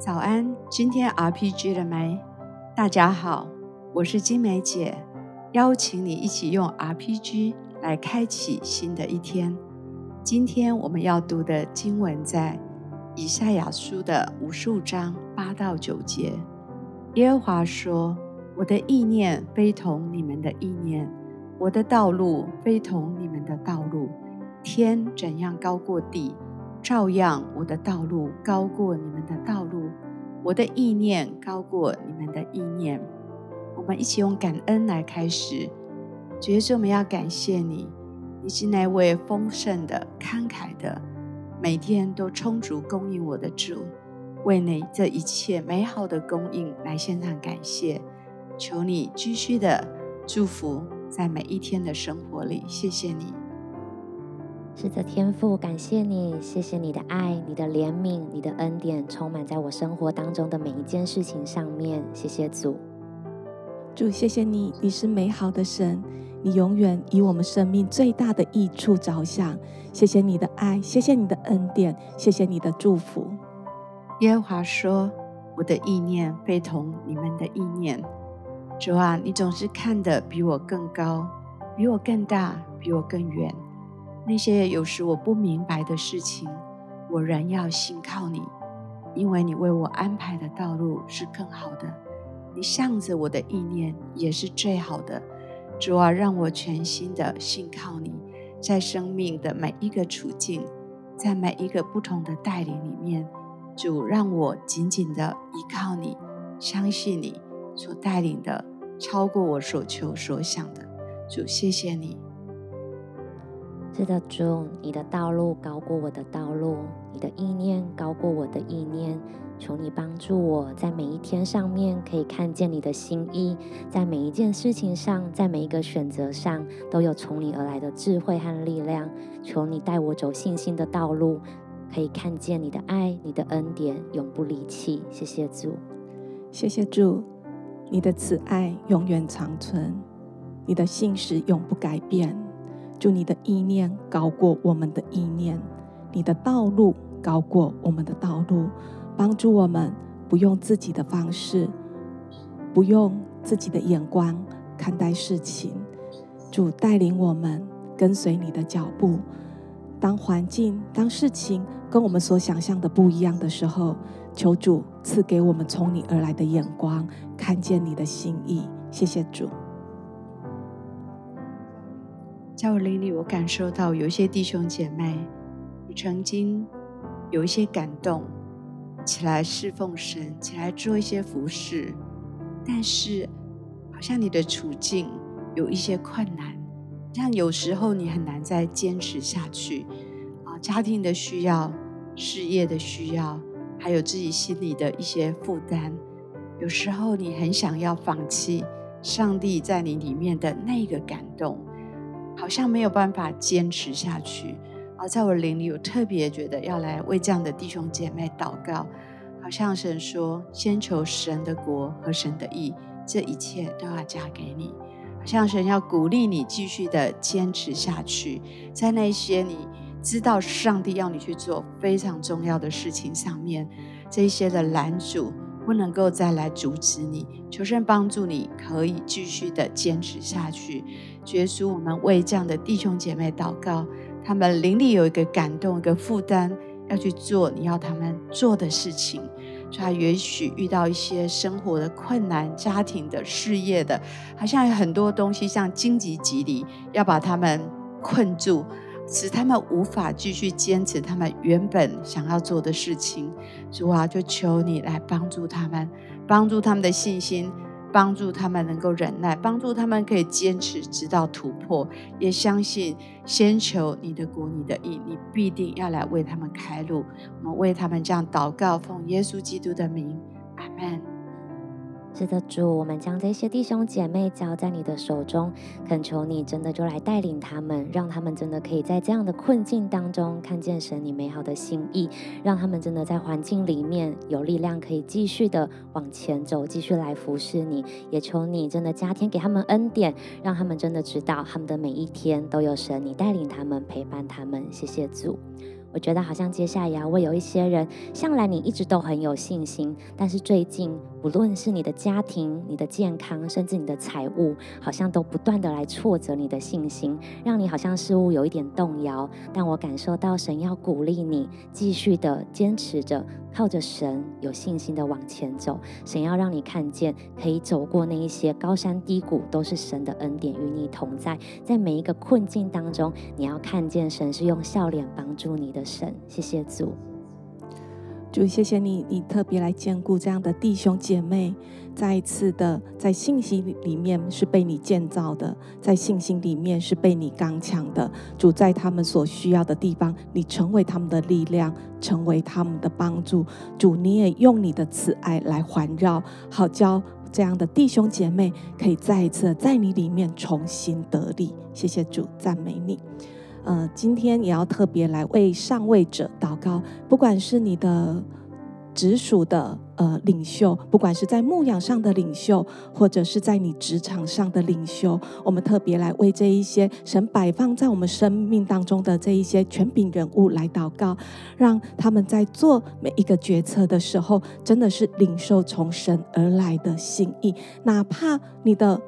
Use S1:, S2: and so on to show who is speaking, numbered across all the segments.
S1: 早安，今天 RPG 了沒？大家好，我是晶玫姊，邀請你一起用 RPG 來開啟新的一天。今天我們要讀的經文在以賽亞書的五十五章八到九節。耶和華說：“我的意念非同你們的意念，我的道路非同你們的道路。天怎樣高過地。”照樣，我的道路高過你們的道路，我的意念高過你們的意念。我們一起用感恩來開始，覺着我們要感謝你，你是那位豐盛的、慷慨的、每天都充足供應我的主，為你這一切美好的供應來獻上感謝。求你繼續的祝福在每一天的生活裡，謝謝你。
S2: 是的天父，感謝你，謝謝你的愛，你的憐憫，你的恩典，充滿在我生活當中的每一件事情上面。謝謝主，
S3: 主謝謝你，你是美好的神，你永遠以我們生命最大的益處着想。謝謝你的愛，謝謝你的恩典，謝謝你的祝福。耶和華說：“我的意念非
S1: 同你們的意念。”主啊，你總是看得比我更高，比我更大，比我更遠。那些有時我不明白的事情，我仍要信靠你，因為你為我安排的道路是更好的，你向着我的意念也是最好的。主啊，讓我全心的信靠你，在生命的每一個處境，在每一個不同的帶領裡面，主讓我緊緊的依靠你，相信你所帶領的超過我所求所想的。主，謝謝你。是的，主，你的道路高過我的道路，
S2: 你的意念高過我的意念。求你幫助我在每一天上面可以看見你的心意，在每一件事情上，在每一個選擇上都有從你而來的智慧和力量。求你帶我走信心的道路，可以看見你的愛、你的恩典永不離棄。謝謝主，
S3: 謝謝主，你的慈愛永遠長存，你的信實永不改變。主，你的意念高過我們的意念，你的道路高過我們的道路，幫助我們不用自己的方式，不用自己的眼光看待事情。主帶領我們跟隨你的腳步。當環境、當事情跟我們所想象的不一樣的時候，求主賜給我們從你而來的眼光，看見你的心意。謝謝主。
S1: 在我靈裡，我感受到有一些弟兄姐妹，你曾經有一些感動，起來侍奉神，起來做一些服事，但是好像你的處境有一些困難，像有時候你很難再堅持下去啊，家庭的需要、事業的需要，還有自己心裡的一些負擔，有時候你很想要放棄，上帝在你裡面的那個感動。好像沒有辦法堅持下去，而在我的靈裡，我特別覺得要來為這樣的弟兄姐妹禱告。好像神說，先求神的國和神的義，這一切都要加給你。好像神要鼓勵你繼續的堅持下去，在那些你知道上帝要你去做非常重要的事情上面，這些的攔阻。不能夠再來阻止你，求神幫助你，可以繼續的堅持下去。耶穌，我們為這樣的弟兄姐妹禱告，他們靈裡有一個感動，一個負擔要去做你要他們做的事情，所以他也許遇到一些生活的困難、家庭的、事業的，好像有很多東西像荊棘蒺藜要把他們困住。使他們無法繼續堅持他們原本想要做的事情，主啊，就求你來幫助他們，幫助他們的信心，幫助他們能夠忍耐，幫助他們可以堅持直到突破，也相信先求你的國，你的義，你必定要來為他們開路。我們為他們這樣禱告，奉耶穌基督的名，阿們。」
S2: 是的，主，我們將這些弟兄姐妹交在你的手中，懇求你真的就來帶領他們，讓他們真的可以在這樣的困境當中看見神你美好的心意，讓他們真的在環境裡面有力量可以繼續的往前走，繼續來服侍你。也求你真的加添給他們恩典，讓他們真的知道他們的每一天都有神你帶領他們陪伴他們。謝謝主，我覺得好像接下來要為有一些人向來你一直都很有信心，但是最近。無論是你的家庭、你的健康，甚至你的財務，好像都不斷的來挫折你的信心，讓你好像事物有一點動搖。但我感受到神要鼓勵你，繼續的堅持着，靠着神有信心的往前走。神要讓你看見，可以走過那一些高山低谷，都是神的恩典與你同在。在每一個困境當中，你要看見神是用笑臉幫助你的神。謝謝主。
S3: 主，謝謝你，你特別來眷顧這樣的弟兄姐妹，再一次的在信心裡面是被你建造的，在信心裡面是被你剛強的。主，在他們所需要的地方，你成為他們的力量，成為他們的幫助。主，你也用你的慈愛來環繞，好叫這樣的弟兄姐妹可以再一次在你裡面重新得力。謝謝主，讚美你。呃，今天也要特別來為上位者禱告，不管是你的直屬的呃領袖，不管是在牧養上的領袖，或者是在你職場上的領袖，我們特別來為這一些神擺放在我們生命當中的這一些權柄人物來禱告，讓他們在做每一個決策的時候，真的是領受從神而來的心意，哪怕你的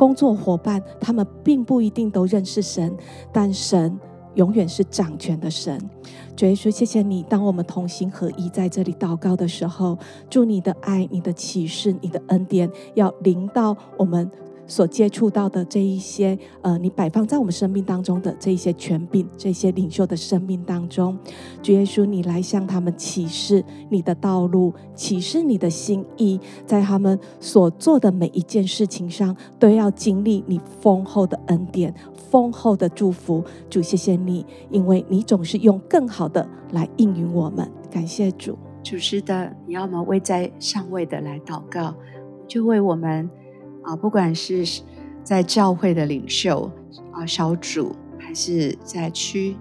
S3: 工作夥伴，他們並不一定都認識神，但神永遠是掌權的神。主耶穌，謝謝你，當我們同心合一在這裡禱告的時候，祝你的愛、你的啟示、你的恩典，要臨到我們。所接觸到的這一些，呃，你擺放在我們生命當中的這一些權柄，這些領袖的生命當中，主耶穌，你來向他們啟示你的道路，啟示你的心意，在他們所做的每一件事情上，都要經歷你豐厚的恩典、豐厚的祝福。主，謝謝你，因為你總是用更好的來應允我們。感謝主，
S1: 主，是的，你要麼為在上位的來禱告，就為我們。啊，不管是在教會的領袖啊、小組，還是在區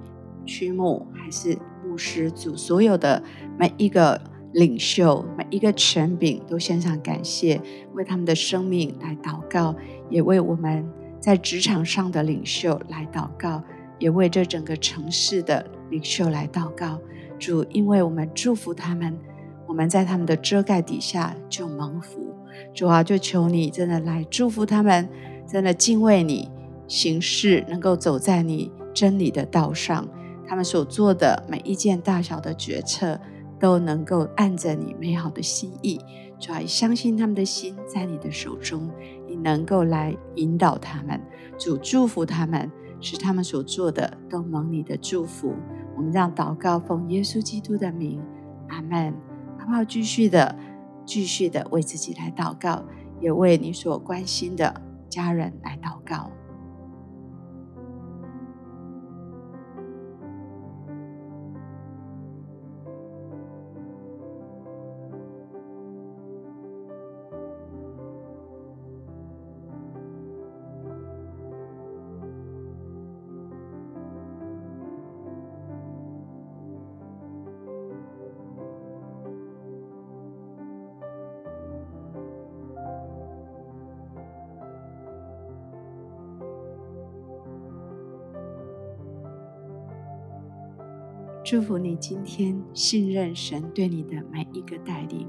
S1: 區牧，還是牧師組，所有的每一個領袖、每一個權柄，都獻上感謝，為他們的生命來禱告，也為我們在職場上的領袖來禱告，也為這整個城市的領袖來禱告。主，因為我們祝福他們，我們在他們的遮蓋底下就蒙福。主啊，就求你真的來祝福他們，真的敬畏你，行事能夠走在你真理的道上。他們所做的每一件大小的決策，都能夠按着你美好的心意。主啊，相信他們的心在你的手中，你能夠來引導他們。主祝福他們，使他們所做的都蒙你的祝福。我們讓禱告奉耶穌基督的名，阿門。好不好？繼續的。繼續的為自己來禱告，也為你所關心的家人來禱告。祝福你今天信任神對你的每一個帶領。